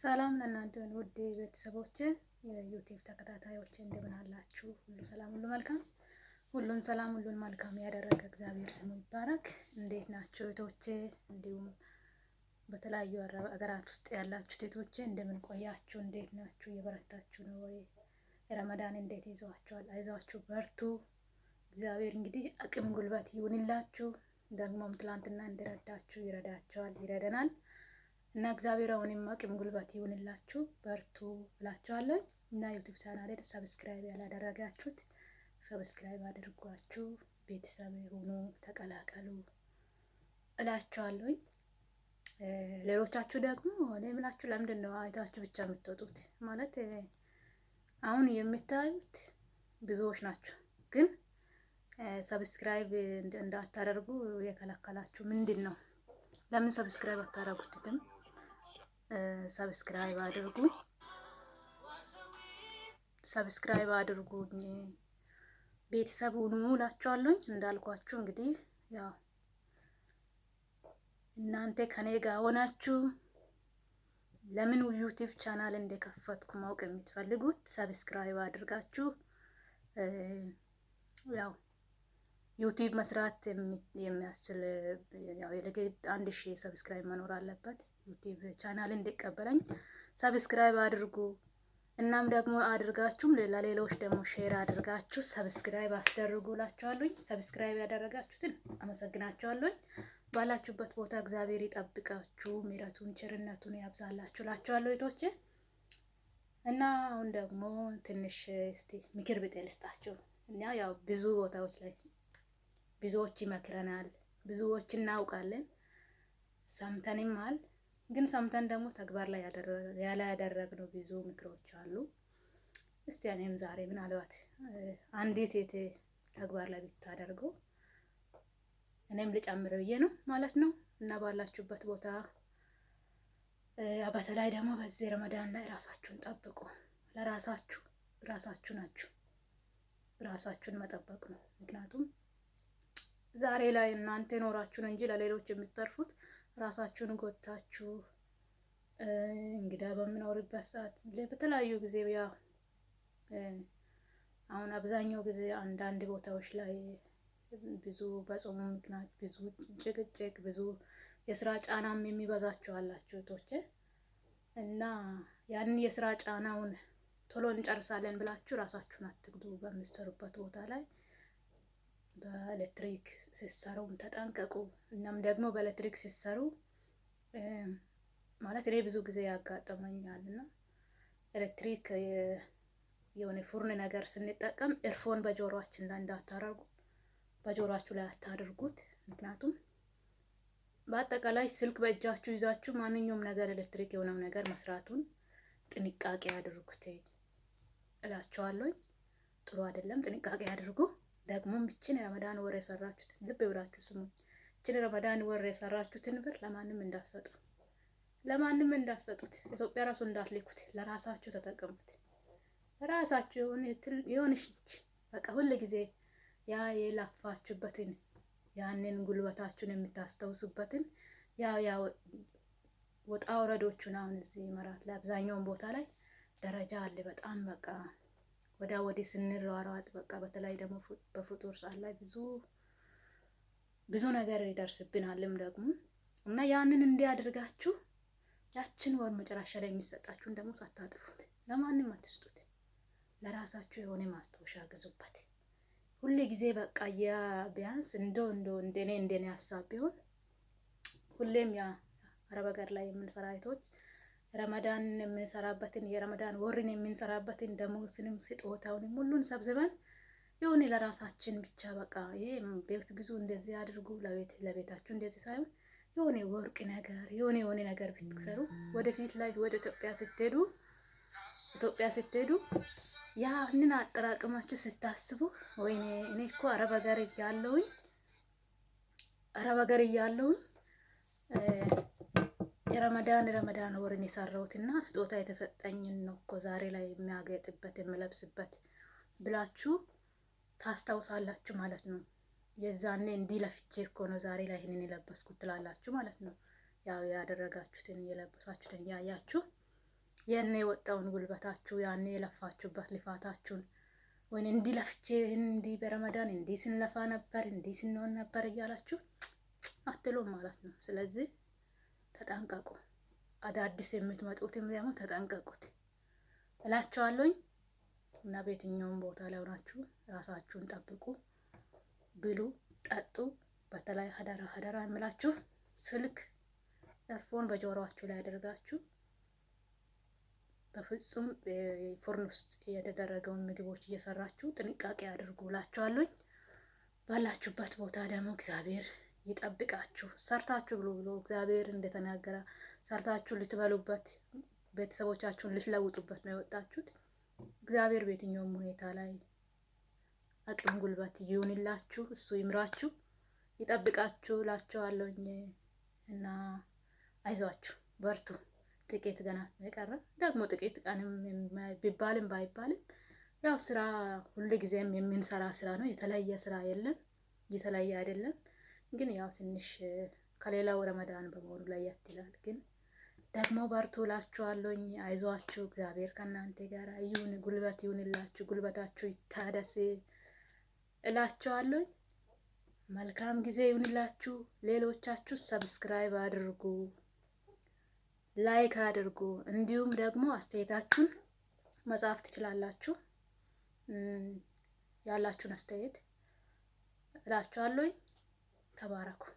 ሰላም ለእናንተ ውድ ቤተሰቦች የዩቲዩብ ተከታታዮች እንደምን አላችሁ? ሁሉ ሰላም፣ ሁሉ መልካም፣ ሁሉን ሰላም፣ ሁሉን መልካም ያደረገ እግዚአብሔር ስሙ ይባረክ። እንዴት ናቸው እህቶቼ? እንዲሁም በተለያዩ ሀገራት ውስጥ ያላችሁ እህቶቼ እንደምን ቆያችሁ? እንዴት ናችሁ? የበረታችሁ ነው ወይ? ረመዳን እንዴት ይዟችኋል? አይዟችሁ፣ በርቱ። እግዚአብሔር እንግዲህ አቅም ጉልበት ይሁንላችሁ። ደግሞም ትላንትና እንደረዳችሁ ይረዳችኋል፣ ይረደናል። እና እግዚአብሔር አሁንም አቅም ጉልበት ይሁንላችሁ፣ በርቱ ብላችኋለን። እና ዩቲብ ቻናሌን ሰብስክራይብ ያላደረጋችሁት ሰብስክራይብ አድርጓችሁ ቤተሰብ ሆኖ ተቀላቀሉ እላችኋለሁ። ሌሎቻችሁ ደግሞ እኔ ምላችሁ ለምንድን ነው አይታችሁ ብቻ የምትወጡት? ማለት አሁን የምታዩት ብዙዎች ናቸው፣ ግን ሰብስክራይብ እንዳታደርጉ የከለከላችሁ ምንድን ነው? ለምን ሰብስክራይብ አታረጉትም? ሰብስክራይብ አድርጉ፣ ሰብስክራይብ አድርጉ። ቤተሰብ ሁኑ እላችኋለሁ። እንዳልኳችሁ እንግዲህ ያው እናንተ ከኔ ጋር ሆናችሁ ለምን ዩቲዩብ ቻናል እንደከፈትኩ ማወቅ የምትፈልጉት ሰብስክራይብ አድርጋችሁ ያው ዩቲዩብ መስራት የሚያስችል የለገድ አንድ ሺህ ሰብስክራይብ መኖር አለበት። ዩቲዩብ ቻናል እንዲቀበለኝ ሰብስክራይብ አድርጉ። እናም ደግሞ አድርጋችሁም ለሌሎች ደግሞ ሼር አድርጋችሁ ሰብስክራይብ አስደርጉላችኋለሁኝ። ሰብስክራይብ ያደረጋችሁትን አመሰግናችኋለሁኝ። ባላችሁበት ቦታ እግዚአብሔር ይጠብቃችሁ፣ ምሕረቱን ቸርነቱን ያብዛላችሁ ላችኋለሁ ቶቼ እና አሁን ደግሞ ትንሽ እስቲ ምክር ብጤ ልስጣችሁ እና ያው ብዙ ቦታዎች ላይ ብዙዎች ይመክረናል፣ ብዙዎች እናውቃለን፣ ሰምተንማል። ግን ሰምተን ደግሞ ተግባር ላይ ያላደረግነው ብዙ ምክሮች አሉ። እስቲ እኔም ዛሬ ምናልባት አንዲት የት ተግባር ላይ ብታደርገው እኔም ልጨምር ብዬ ነው ማለት ነው እና ባላችሁበት ቦታ በተለይ ደግሞ በዚህ ረመዳን ላይ ራሳችሁን ጠብቁ። ለራሳችሁ ራሳችሁ ናችሁ። ራሳችሁን መጠበቅ ነው ምክንያቱም ዛሬ ላይ እናንተ ኖራችሁን እንጂ ለሌሎች የምትተርፉት ራሳችሁን ጎታችሁ እንግዳ በምኖርበት ሰዓት በተለያዩ ጊዜ ያ አሁን አብዛኛው ጊዜ አንዳንድ ቦታዎች ላይ ብዙ በጾሙ ምክንያት ብዙ ጭቅጭቅ፣ ብዙ የስራ ጫናም የሚበዛችሁ አላችሁ ቶቼ እና ያንን የስራ ጫናውን ቶሎ እንጨርሳለን ብላችሁ ራሳችሁን አትግዱ በምትሰሩበት ቦታ ላይ በኤሌክትሪክ ሲሰሩ ተጠንቀቁ። እናም ደግሞ በኤሌክትሪክ ሲሰሩ ማለት እኔ ብዙ ጊዜ ያጋጠመኛል እና ኤሌክትሪክ የሆነ ፉርን ነገር ስንጠቀም ኤርፎን በጆሮችን ላይ እንዳታረጉ በጆሮችሁ ላይ አታድርጉት። ምክንያቱም በአጠቃላይ ስልክ በእጃችሁ ይዛችሁ ማንኛውም ነገር ኤሌክትሪክ የሆነው ነገር መስራቱን ጥንቃቄ አድርጉት እላችኋለሁ። ጥሩ አይደለም፣ ጥንቃቄ አድርጉ። ደግሞም እችን ረመዳን ወር የሰራችሁትን ልብ ብላችሁ ስሙ። ይችን ረመዳን ወር የሰራችሁትን ብር ለማንም እንዳሰጡ ለማንም እንዳሰጡት ኢትዮጵያ ራሱ እንዳትልኩት ለራሳችሁ ተጠቀሙት። ራሳችሁ የሆንሽች በቃ ሁል ጊዜ ያ የላፋችሁበትን ያንን ጉልበታችሁን የምታስታውሱበትን ያ ያ ወጣ ወረዶቹን አሁን እዚህ መራት ላይ አብዛኛውን ቦታ ላይ ደረጃ አለ በጣም በቃ ወዳ ወዲህ ስንሯሯጥ በቃ በተለይ ደግሞ በፍጡር ሰዓት ላይ ብዙ ብዙ ነገር ይደርስብናልም ደግሞ እና ያንን እንዲያደርጋችሁ ያችን ወር መጨረሻ ላይ የሚሰጣችሁን ደግሞ ሳታጥፉት ለማንም አትስጡት። ለራሳችሁ የሆነ ማስታወሻ ግዙበት። ሁሉ ጊዜ በቃ ያ ቢያንስ እንደ እንደ እንደኔ እንደኔ ሀሳብ ቢሆን ሁሌም ያ አረብ ሀገር ላይ የምንሰራ አይቶች ረመዳንን የምንሰራበትን የረመዳን ወርን የምንሰራበትን ደሞዝንም ስጦታውን ሁሉን ሰብስበን የሆነ ለራሳችን ብቻ በቃ ይሄ ቤት ግዙ እንደዚህ አድርጉ ለቤት ለቤታችሁ እንደዚህ ሳይሆን የሆነ ወርቅ ነገር የሆነ የሆነ ነገር ብትሰሩ ወደፊት ላይ ወደ ኢትዮጵያ ስትሄዱ ኢትዮጵያ ስትሄዱ ያንን አጠራቅማችሁ ስታስቡ ወይኔ እኔ እኮ አረብ ሀገር እያለሁኝ አረብ ሀገር እያለሁኝ የረመዳን ረመዳን ወርን እና ስጦታ የተሰጠኝን ነው እኮ ዛሬ ላይ የሚያገጥበት የምለብስበት ብላችሁ ታስታውሳላችሁ ማለት ነው። የዛኔ እንዲህ ለፍቼ እኮ ነው ዛሬ ላይ ይህንን የለበስኩት ትላላችሁ ማለት ነው። ያው ያደረጋችሁትን የለበሳችሁትን እያያችሁ የኔ የወጣውን ጉልበታችሁ ያኔ የለፋችሁበት ልፋታችሁን ወይ እንዲህ ለፍቼ እንዲህ በረመዳን እንዲህ ስንለፋ ነበር እንዲህ ስንሆን ነበር እያላችሁ አትሎም ማለት ነው። ስለዚህ ተጠንቀቁ። አዳዲስ የምትመጡትም ደግሞ ተጠንቀቁት እላቸዋለሁኝ። እና በየትኛውም ቦታ ላይ ሆናችሁ ራሳችሁን ጠብቁ፣ ብሉ፣ ጠጡ። በተለይ ሀደራ ሀደራ የምላችሁ ስልክ ኤርፎን በጆሮችሁ ላይ አድርጋችሁ በፍጹም ፉርን ውስጥ የተደረገውን ምግቦች እየሰራችሁ ጥንቃቄ አድርጉ እላችኋለሁኝ። ባላችሁበት ቦታ ደግሞ እግዚአብሔር ይጠብቃችሁ። ሰርታችሁ ብሎ ብሎ እግዚአብሔር እንደተናገረ ሰርታችሁ ልትበሉበት፣ ቤተሰቦቻችሁን ልትለውጡበት ነው የወጣችሁት። እግዚአብሔር በየትኛውም ሁኔታ ላይ አቅም ጉልበት ይሁንላችሁ፣ እሱ ይምራችሁ፣ ይጠብቃችሁ ላችኋለሁኝ እና አይዟችሁ፣ በርቱ። ጥቂት ገና የቀረ ደግሞ ጥቂት ቀንም ቢባልም ባይባልም ያው ስራ ሁሉ ጊዜም የምንሰራ ስራ ነው። የተለየ ስራ የለም፣ የተለየ አይደለም። ግን ያው ትንሽ ከሌላው ረመዳን በመሆኑ ላይ ያትላል። ግን ደግሞ በርቱ ላችኋለኝ። አይዟችሁ፣ እግዚአብሔር ከእናንተ ጋር ይሁን፣ ጉልበት ይሁንላችሁ፣ ጉልበታችሁ ይታደስ እላችኋለኝ። መልካም ጊዜ ይሁንላችሁ። ሌሎቻችሁ ሰብስክራይብ አድርጉ፣ ላይክ አድርጉ፣ እንዲሁም ደግሞ አስተያየታችሁን መጻፍ ትችላላችሁ። ያላችሁን አስተያየት እላችኋለኝ። ተባረኩ።